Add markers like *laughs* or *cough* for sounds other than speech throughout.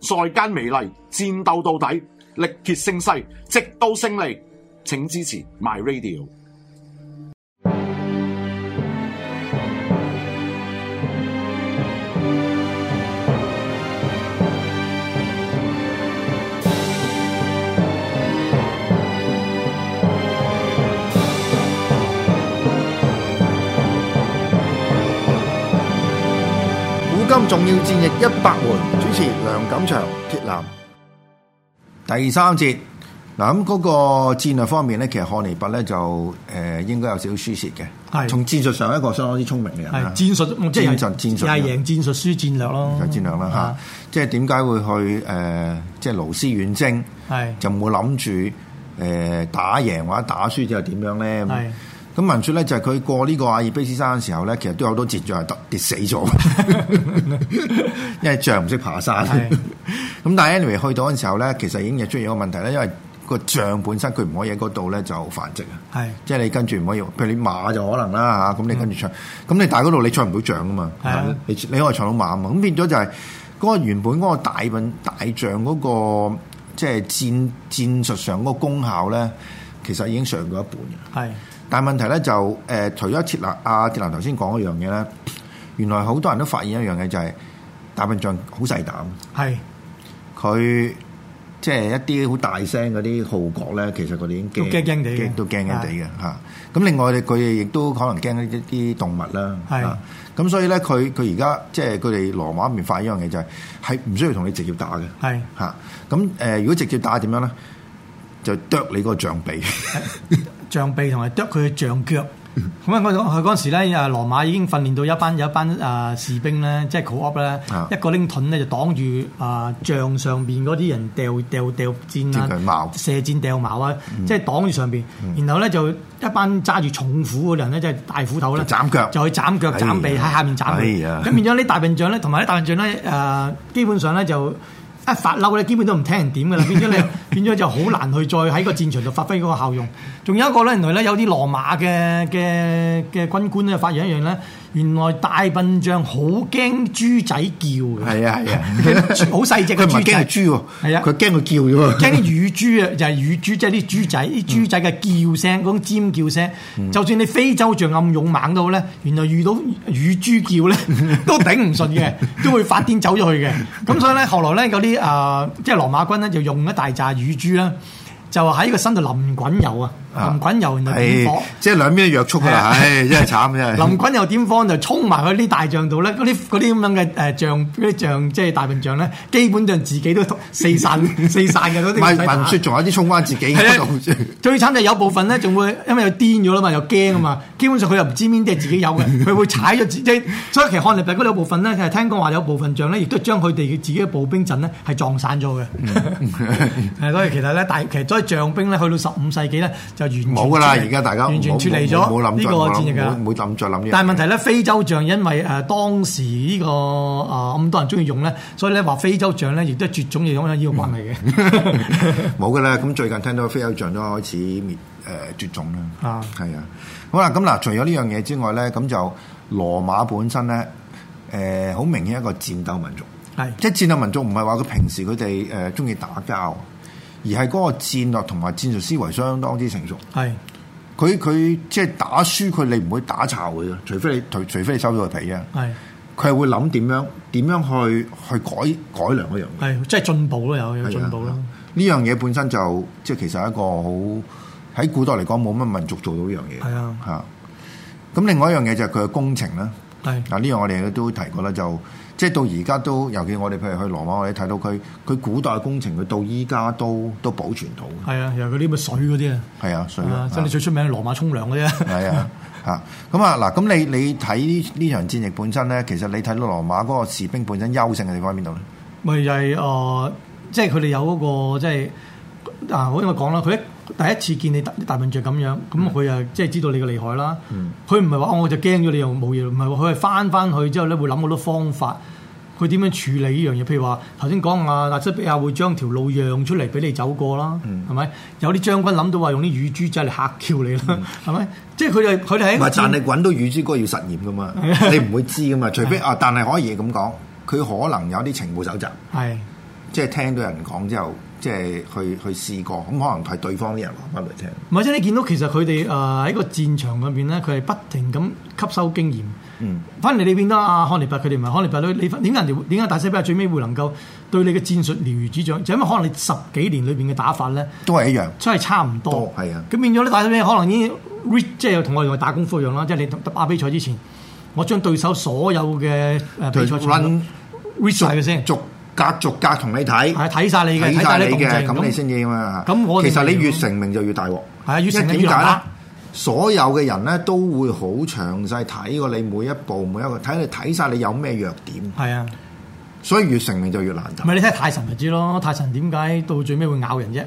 在間美麗，戰鬥到底，力竭聲嘶，直到勝利。請支持 My Radio。重要戰役一百回，主持梁錦祥、鐵男。第三節嗱，咁嗰個戰略方面咧，其實漢尼拔咧就誒、呃、應該有少少輸蝕嘅。係從是戰術上一個相當之聰明嘅人啦。係戰術，即係戰術，係贏戰術輸戰略咯。就戰略啦吓、啊呃，即係點解會去誒，即係勞師遠征，是就唔會諗住誒打贏或者打輸之後點樣咧？咁文書咧就係、是、佢過呢個亞爾卑斯山嘅時候咧，其實都有好多戰象係跌死咗。 *laughs* 因為象唔識爬山。咁是的 但係 anyway 去到嗰陣時候咧，其實已經出現一個問題咧，因為個象本身佢唔可以喺嗰度咧就繁殖啊。是的 即係你跟住唔可以，譬如你馬就可能啦，咁你跟住搶，咁、嗯、你大嗰度你搶唔到象啊嘛。你是的 你可以搶到馬嘛。咁變咗就係嗰個原本嗰個大笨大象嗰、那個即係、就是、戰戰術上嗰個功效咧，其實已經上咗一半但係問題咧就誒、呃，除咗切立阿鐵男頭先講一樣嘢咧，原來好多人都發現一樣嘢就係、是、大笨象好細膽。係佢是即係一啲好大聲嗰啲號角咧，其實佢哋已經都驚驚地嘅，都驚驚地嘅嚇。咁是是另外佢哋亦都可能驚一啲動物啦。係咁是，是所以咧，佢佢而家即係佢哋羅馬面發現一樣嘢就係係唔需要同你直接打嘅。係嚇咁誒，如果直接打點樣咧，就啄你嗰個象鼻是。 *laughs* 象鼻同埋啄佢嘅象腳，咁啊！我嗰陣時咧，啊羅馬已經訓練到一班有一班啊士兵咧，即係 call up 咧，op, 啊、一個拎盾咧就擋住啊象上邊嗰啲人掉掉掉箭啊，射箭掉矛啊，嗯、即係擋住上邊。嗯、然後咧就一班揸住重斧嘅人咧，嗯、即係大斧頭啦，斬腳就，就去斬腳斬鼻喺下面斬佢咁、哎、呀變咗啲大笨象咧，同埋啲大笨象咧，誒、呃、基本上咧就。一發嬲咧，基本都唔聽人點噶啦，變咗你，變咗就好難去再喺個戰場度發揮嗰個效用。仲有一個咧，原來咧有啲羅馬嘅嘅嘅軍官咧，發現一樣咧。原來大笨象好驚豬仔叫嘅，係好細隻嘅豬，佢唔係驚豬喎，佢驚佢叫啫，驚啲乳豬啊，就係乳豬，即係啲豬仔，啲豬仔嘅叫聲，嗰、嗯、種尖叫聲，就算你非洲象咁勇猛到呢，原來遇到乳豬叫呢，都頂唔順嘅，都會發癲走咗去嘅。咁 *laughs* 所以呢，後來呢，嗰啲誒，即係羅馬軍呢，就用一大紮乳豬啦。就喺個身度淋滾油啊！淋滾油然後點火，即係、啊哎就是、兩邊約束啦嚇，真係慘真係。淋滾油點火就衝埋去啲大象度咧，嗰啲啲咁樣嘅象啲即係大象咧，基本上自己都四散 *laughs* 四散嘅嗰啲。唔係，係仲有啲衝翻自己的。啊、 *laughs* 最慘就係有部分咧，仲會因為佢癲咗啦嘛，又驚啊嘛，基本上佢又唔知邊啲係自己有嘅，佢會踩咗自己。 *laughs* 所以其實漢尼拔嗰度有部分咧，係聽講話有部分象咧，亦都將佢哋自己嘅步兵陣咧係撞散咗嘅。 *laughs* *laughs* 所以其實咧，大象兵咧，去到十五世紀咧，就完全冇噶啦！而家大家完全脫離咗冇諗呢個戰役冇冇諗再諗呢？但係問題咧，非洲象因為誒當時呢、呢個啊咁、呃、多人中意用咧，所以咧話非洲象咧亦都絕種嘅咁樣呢個關係嘅。冇噶啦！咁 *laughs* 最近聽到非洲象都開始滅誒絕種啦。啊，係啊。好啦，咁嗱，除咗呢樣嘢之外咧，咁就羅馬本身咧，誒、呃、好明顯一個戰鬥民族。係的。即係戰鬥民族，唔係話佢平時佢哋誒中意打交。而係嗰個戰略同埋戰術思維相當之成熟。係是的，佢佢即係打輸佢，你唔會打巢佢嘅，除非你除除非你收咗皮啊。係是的，佢係會諗點樣點樣去去改改良嗰樣嘢，即係進步咯，有有進步咯。呢樣嘢本身就即係其實係一個好喺古代嚟講冇乜民族做到呢樣嘢。係啊，嚇。咁另外一樣嘢就係佢嘅工程啦。係。嗱呢樣我哋都提過啦，就。即係到而家都，尤其我哋譬如去羅馬，我哋睇到佢，佢古代工程佢到依家都都保存到。係啊，又佢啲咩水嗰啲、嗯、啊。係啊，水啊！即係你最出名羅馬沖涼嗰啲啊。係啊，嚇！咁啊嗱，咁你你睇呢場戰役本身咧，其實你睇到羅馬嗰個士兵本身優勝嘅地方喺邊度咧？咪就係、誒、即係佢哋有嗰個即係嗱、啊，我因為講啦，佢。第一次見你大大笨象咁樣，咁佢啊即係知道你嘅厲害啦。佢唔係話我就驚咗你又冇嘢，唔係佢係翻翻去之後咧會諗好多方法，佢點樣處理呢樣嘢？譬如話頭先講啊，納斯比亞會將條路讓出嚟俾你走過啦，係咪、嗯？有啲將軍諗到話用啲乳豬仔嚟嚇嬌你啦，係咪、嗯？即係佢哋佢哋喺唔係滾到乳豬，哥要實驗噶嘛， *laughs* 你唔會知噶嘛。除非是的 啊，但係可以咁講，佢可能有啲情報蒐集，係是的 即係聽到人講之後。即係去去試過，咁可能係對方啲人話翻嚟聽不。唔係即係你見到其實佢哋誒喺個戰場入邊咧，佢係不停咁吸收經驗。嗯，反而你變得，翻嚟你見到阿漢尼拔，佢哋唔係漢尼拔。你點解人哋點解大西庇阿最尾會能夠對你嘅戰術了如指掌？就是、因為可能你十幾年裏邊嘅打法咧，都係一樣，即係差唔多。係啊，咁變咗咧，大西庇阿可能已經 reach 即係同我哋打功夫一樣啦，即係你打比賽之前，我將對手所有嘅誒、呃呃、比賽出嚟先。隔逐隔同你睇，睇晒你嘅，睇晒你嘅，咁你先知啊嘛。我其實你越成名就越大鑊。係啊，越成名越大點解？所有嘅人咧都會好詳細睇過你每一步每一個，睇你睇晒你有咩弱點。係啊的，所以越成名就越難談。唔係的你睇下太神咪知咯，太神點解到最尾會咬人啫？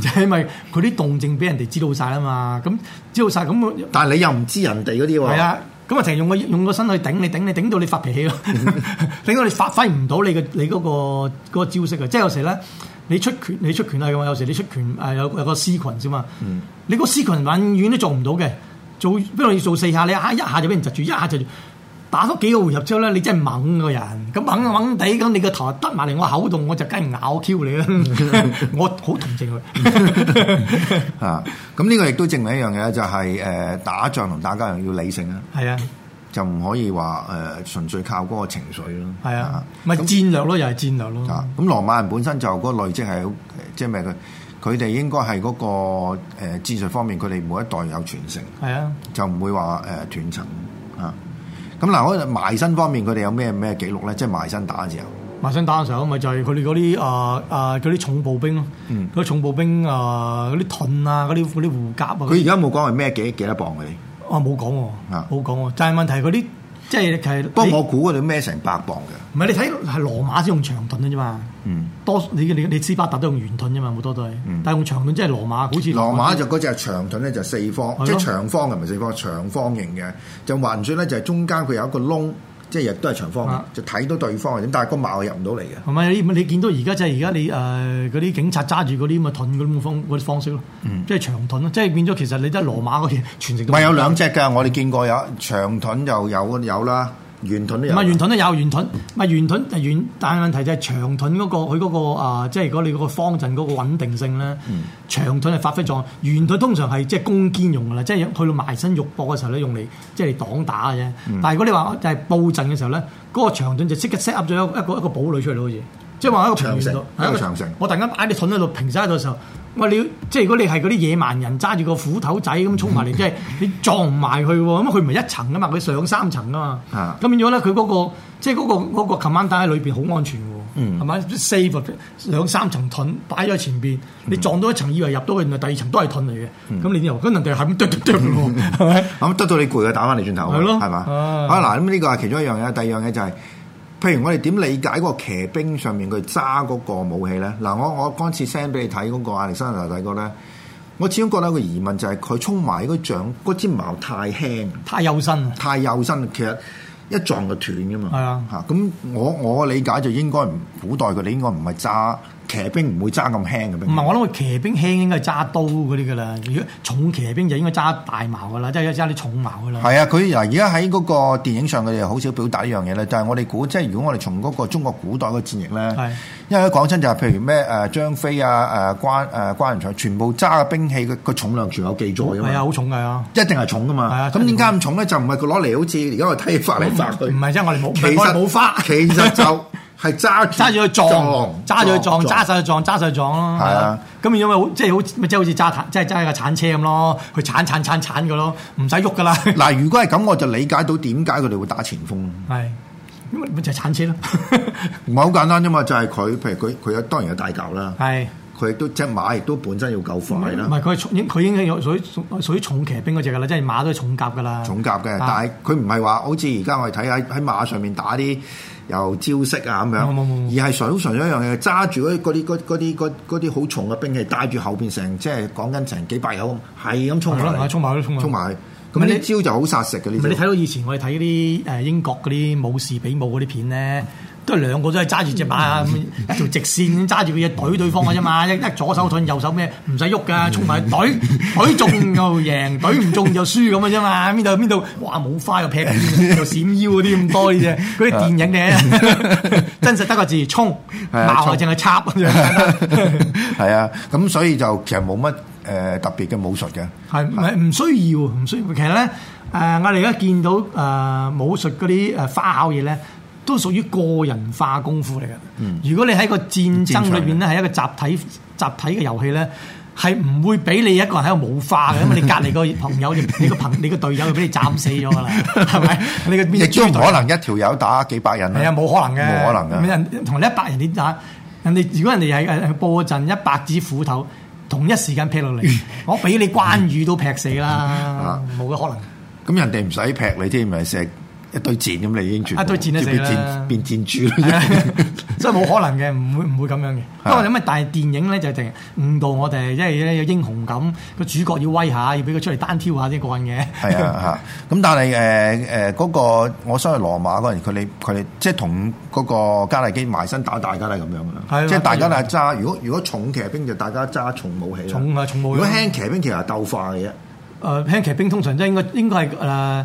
就係的 *laughs* 因為佢啲動靜俾人哋知道晒啦嘛。咁知道晒，咁，但係你又唔知人哋嗰啲話。咁啊，成日用個用個身去頂，你頂你頂到你發脾氣咯，令 *laughs* *laughs* 到你發揮唔到你嘅你嗰、嗰個嗰、嗰個、招式。即係有時咧，你出拳你出拳啊有時你出拳有有個絲群啫嘛，你個絲群永遠都做唔到嘅，做譬如要做四下你一下一下就俾人窒住，一下就。打咗幾個回合之後咧，你真係猛個人，咁猛猛地咁，你個頭耷埋嚟我口度，我就梗唔咬 Q 你啦！ *laughs* 我好同情佢 *laughs* *laughs* 啊！咁呢個亦都證明一樣嘢，就係、是、打仗同打交又要理性啦。係啊，就唔可以話誒、呃、純粹靠嗰個情緒咯。係啊，咪、啊、戰略咯，啊、又係戰略咯。咁、啊、羅馬人本身就嗰個累積係，即係咩？佢佢哋應該係嗰、那個誒、呃、戰術方面，佢哋每一代有傳承。係啊，就唔會話誒、呃、斷層啊。咁嗱，我埋身方面佢哋有咩咩記錄咧？即係埋身打嘅時候，埋身打嘅時候咪就係佢哋嗰啲啊啊嗰啲重步兵咯，嗰、嗯、重步兵啊嗰啲盾啊嗰啲嗰啲護甲啊。佢而家冇講係咩幾幾多磅佢哋啊，冇講喎，冇講喎，就係問題嗰啲。即係，其實不過我估佢都孭成百磅嘅。唔係你睇係羅馬先用長盾嘅啫嘛。嗯。多你你你斯巴達都用圓盾啫嘛，好多對。嗯。但係用長盾即係羅馬，好似羅，羅馬就嗰隻長盾咧就四方，是的 即係長方嘅咪四方長方形嘅，就還算咧就係中間佢有一個窿。即係亦都係長方形，啊、就睇到對方但係個矛入唔到嚟嘅。係咪你你見到而家即係而家你誒嗰啲警察揸住嗰啲咁嘅盾嗰啲方嗰啲方式咯、嗯，即係長盾咯，即係變咗其實你都係羅馬嗰啲全程都咪有，有兩隻㗎，對，我哋見過有長盾又有有啦。圓盾都唔係圓盾都有圓盾,盾，唔係圓盾就圓。但係問題就係長盾嗰、那個佢嗰、那個啊，即係如果你嗰個方陣嗰個穩定性咧，嗯、長盾係發揮作用，圓盾通常係即係攻堅用噶啦，即、就、係、是、去到埋身肉搏嘅時候咧，用嚟即係擋打嘅啫。嗯、但係如果你話就係布陣嘅時候咧，嗰、那個長盾就即刻 set up 咗一個一個堡壘出嚟咯，好似即係話一個盾長城，一個長城，我突然間擺啲盾喺度平晒喺度時候。我話你，即係如果你係嗰啲野蠻人，揸住個斧頭仔咁衝埋嚟，即、就、係、是、你撞唔埋佢喎，咁佢唔係一層噶嘛，佢上三層噶嘛，咁變咗咧，佢嗰、那個即係嗰個嗰、那個琴晚打喺裏邊好安全喎，係咪、嗯、？save 兩三層盾擺咗喺前邊，你撞到一層以為入到去，原來第二層都係盾嚟嘅，咁、嗯、你又咁人哋係咁啄啄啄喎，係咪、嗯？咁啄吧 *laughs* 到你攰嘅打翻你轉頭，係咯，係嘛？好嗱，咁呢個係其中一樣嘢，第二樣嘢就係、是。譬如我哋點理解嗰個騎兵上面佢揸嗰個武器咧？嗱，我我剛次 send 俾你睇嗰個亞歷山大大哥咧，我始終覺得一個疑問就係佢衝埋嗰個嗰支矛太輕，太幼身，太幼身，其實一撞就斷噶嘛。啊，咁我我理解就應該唔古代佢應該唔係揸。騎兵唔會揸咁輕嘅兵。唔係，我諗佢騎兵輕應該揸刀嗰啲噶啦。如果重騎兵就應該揸大矛噶啦，即係一揸啲重矛噶啦。係啊，佢而家喺嗰個電影上佢哋好少表達呢樣嘢咧，就係、是、我哋估，即係如果我哋從嗰個中國古代嘅戰役咧，的因為講真就係譬如咩誒張飛啊誒關誒關雲長，全部揸嘅兵器個、嗯、重量全有記載嘅係啊，好重㗎，一定係重㗎嘛。係啊的，咁點解咁重咧？就唔係佢攞嚟好似而家我哋睇花嚟扎對，唔係即係我哋冇冇花。其實就。 *laughs* 係揸住佢撞，揸住佢撞，揸晒佢撞，揸晒佢撞咯。係啊，咁因為好即係好，咪即係好似揸鏟，即係揸一個鏟車咁咯，佢鏟鏟鏟鏟嘅咯，唔使喐噶啦。嗱，如果係咁，我就理解到點解佢哋會打前鋒咯。係，咁咪就係鏟車咯，唔係好簡單啫嘛，就係、是、佢，譬如佢，佢有，有當然有大教啦。係。佢都即馬亦都本身要夠快啦。唔係佢重，佢應該有屬於屬於重騎兵嗰隻噶啦，即係馬都係重甲噶啦。重甲嘅，啊、但係佢唔係話好似而家我哋睇喺喺馬上面打啲由招式啊咁樣，嗯嗯嗯、而係純好一樣嘢，揸住嗰啲啲啲好重嘅兵器，帶住後邊成即係講緊成幾百口，係咁衝埋，衝埋，衝埋，沖埋去。咁呢招就好殺食嘅。你睇、這個、到以前我哋睇啲誒英國嗰啲武士比武嗰啲片咧。嗯都係兩個都係揸住隻馬一條直線揸住佢嘢，懟對方嘅啫嘛！一一左手盾右手咩，唔使喐㗎，衝埋懟懟中就贏，懟唔中就輸咁嘅啫嘛！邊度邊度？哇！冇花又劈又閃腰嗰啲咁多嘅啫，嗰啲 *laughs* 電影嘅 *laughs* 真實得個字衝，馬淨係插。係 *laughs* 啊，咁所以就其實冇乜誒特別嘅武術嘅，係唔、啊啊、需要唔需要？其實咧誒、呃，我哋而家見到誒、呃、武術嗰啲誒花巧嘢咧。都屬於個人化功夫嚟嘅。如果你喺個戰爭裏邊咧，係、嗯、一個集體集體嘅遊戲咧，係唔會俾你一個人喺度冇化嘅，因為 *laughs* 你隔籬個朋友，你個朋友你個隊友就俾你斬死咗噶啦，係咪？ *laughs* 你亦都唔可能一條友打幾百人。係啊，冇可能嘅，冇可能嘅。同你一百人點打？人哋如果人哋係誒佈陣一百支斧頭，同一時間劈落嚟， *laughs* 我俾你關羽都劈死啦，冇嘅 *laughs* 可能的。咁人哋唔使劈你添，咪石。一堆箭咁嚟已經，啊！一堆箭都死啦，變箭豬啦，的 *laughs* *laughs* 所以冇可能嘅，唔會唔會咁樣嘅。不過咁啊，是的但係電影咧就一定誤導我哋，即係有英雄感，個主角要威下，要俾佢出嚟單挑下先過癮嘅。係啊，咁但係誒誒嗰個，我想係羅馬嗰陣，佢哋佢哋即係同嗰個迦太基埋身打大家係咁樣噶啦，的即係大家係、就、揸、是。如果如果重騎兵就大家揸重武器，重重武器。如果輕騎兵其實係鬥快嘅啫。輕騎兵通常即係應該應該係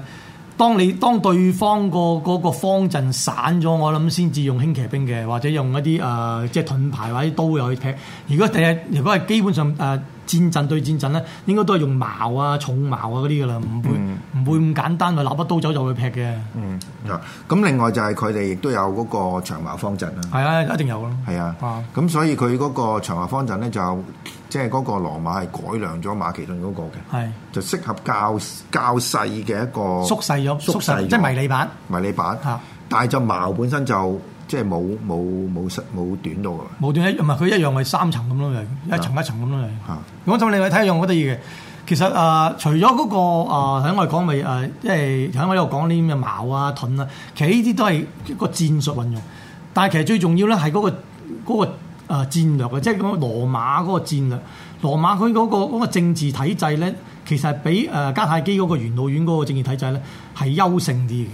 當你當對方個嗰、那個方陣散咗，我諗先至用輕騎兵嘅，或者用一啲誒、呃、即係盾牌或者刀入去踢。如果第日如果係基本上誒。呃戰陣對戰陣咧，應該都係用矛啊、重矛啊嗰啲噶啦，唔會唔會咁簡單，攞一刀走就會劈嘅。嗯啊，咁另外就係佢哋亦都有嗰個長矛方陣啦。係啊，一定有咯。係啊，咁所以佢嗰個長矛方陣咧就即係嗰個羅馬係改良咗馬其頓嗰個嘅，係就適合較較細嘅一個縮細咗，縮細即係迷你版。迷你版，但係就矛本身就。即係冇冇冇冇短到嘅，冇短一唔係佢一樣係三層咁咯，又一層一層咁咯，又我嗰你我睇一樣好得意嘅，其實、呃、除咗嗰、嗰個啊喺、呃、我哋講咪即係喺我呢度講啲咩矛啊盾啊，其實呢啲都係個戰術運用。但係其實最重要咧係嗰個戰略嘅，即係講羅馬嗰個戰略。羅馬佢、嗰、嗰、個嗰個政治體制咧，其實係比迦太基嗰個元老院嗰個政治體制咧係優勝啲嘅。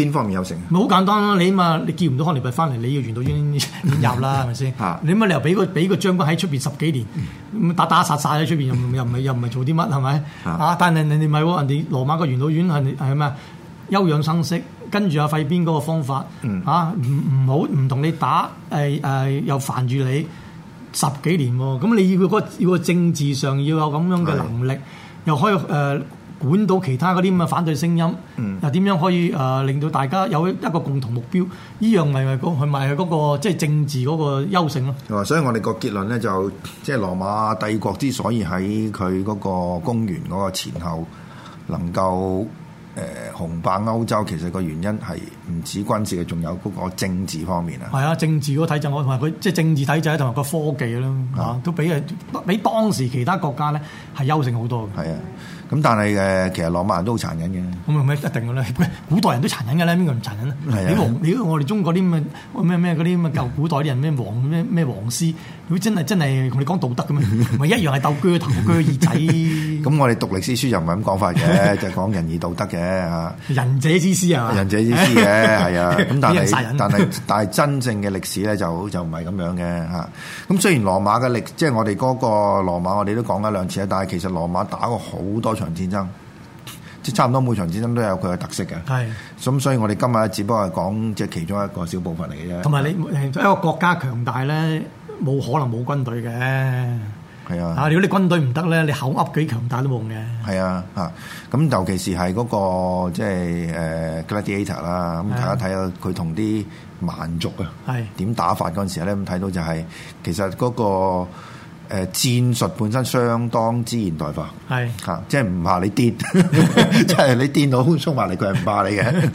邊方面有成？咪好簡單咯！你起碼，你見唔到康尼伯翻嚟， *laughs* 你要元老院入啦，係咪先？你乜你又俾個俾個將軍喺出邊十幾年，打打殺殺喺出邊，又又唔係又唔係做啲乜係咪？啊！ *laughs* 但係你哋唔係人哋羅馬個元老院係係咩？休養生息，跟住阿費邊嗰個方法 *laughs* 啊！唔唔好唔同你打，誒誒又煩住你十幾年喎！咁你要、嗰個要個政治上要有咁樣嘅能力， *laughs* 又可以誒。呃管到其他嗰啲咁嘅反對聲音，嗯、又點樣可以誒、呃、令到大家有一個共同目標，呢樣咪咪講，係咪嗰個即係、就是、政治嗰個優勝咯、嗯？所以我哋個結論咧就即係羅馬帝國之所以喺佢嗰個公元嗰個前後能夠誒、呃、雄霸歐洲，其實個原因是不係唔止軍事嘅，仲有嗰個政治方面啊。係啊，政治嗰體制，我同埋佢即係政治體制同埋個科技啦吓、啊、都比啊比當時其他國家咧係優勝好多嘅。係啊。咁但係其實羅馬人都好殘忍嘅。咁一定嘅古代人都殘忍嘅啦，邊個唔殘忍啊？你我哋中國啲咁嘅咩咩啲舊古代啲人咩黃咩咩黃師如果真係真係同你講道德嘅咩，咪一樣係鬥鋸頭鋸耳仔。咁我哋讀歷史書就唔係咁講法嘅，就講仁義道德嘅仁者之師係仁者之師嘅啊，咁但係但係但係真正嘅歷史咧就就唔係咁樣嘅。咁雖然羅馬嘅歷即係我哋嗰個羅馬，我哋都講咗兩次，但係其實羅馬打過好多。場戰爭，即係差唔多每場戰爭都有佢嘅特色嘅。係，咁所以我哋今日只不過係講即係其中一個小部分嚟嘅啫。同埋你，一個國家強大咧，冇可能冇軍隊嘅。係啊，如果你軍隊唔得咧，你口噏幾強大都冇用嘅。係啊，啊，咁尤其是係嗰個即係誒 Gladiator 啦，咁大家睇下佢同啲蠻族啊，點打法嗰陣時咧，咁睇到就係其實嗰個。誒戰術本身相當之現代化，係吓是，即係唔怕你跌，即係 *laughs* *laughs* 你跌到縮埋嚟，佢係唔怕你嘅。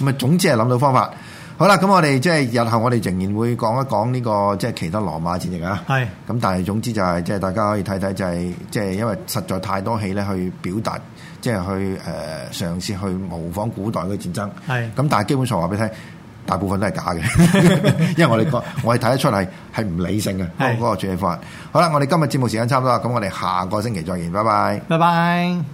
咁啊，總之係諗到方法。好啦，咁我哋即係日後我哋仍然會講一講呢、這個即係其他羅馬戰役啊。係是，咁但係總之就係即係大家可以睇睇、就是，就係即係因為實在太多戲咧，去表達，即、就、係、是、去誒嘗試去模仿古代嘅戰爭。係是，咁但係基本上話俾你聽。大部分都係假嘅， *laughs* *laughs* 因為我哋我係睇得出係係唔理性嘅嗰 *laughs* 個處理方案。好啦，我哋今日節目時間差唔多啦，咁我哋下個星期再見，拜拜，拜拜。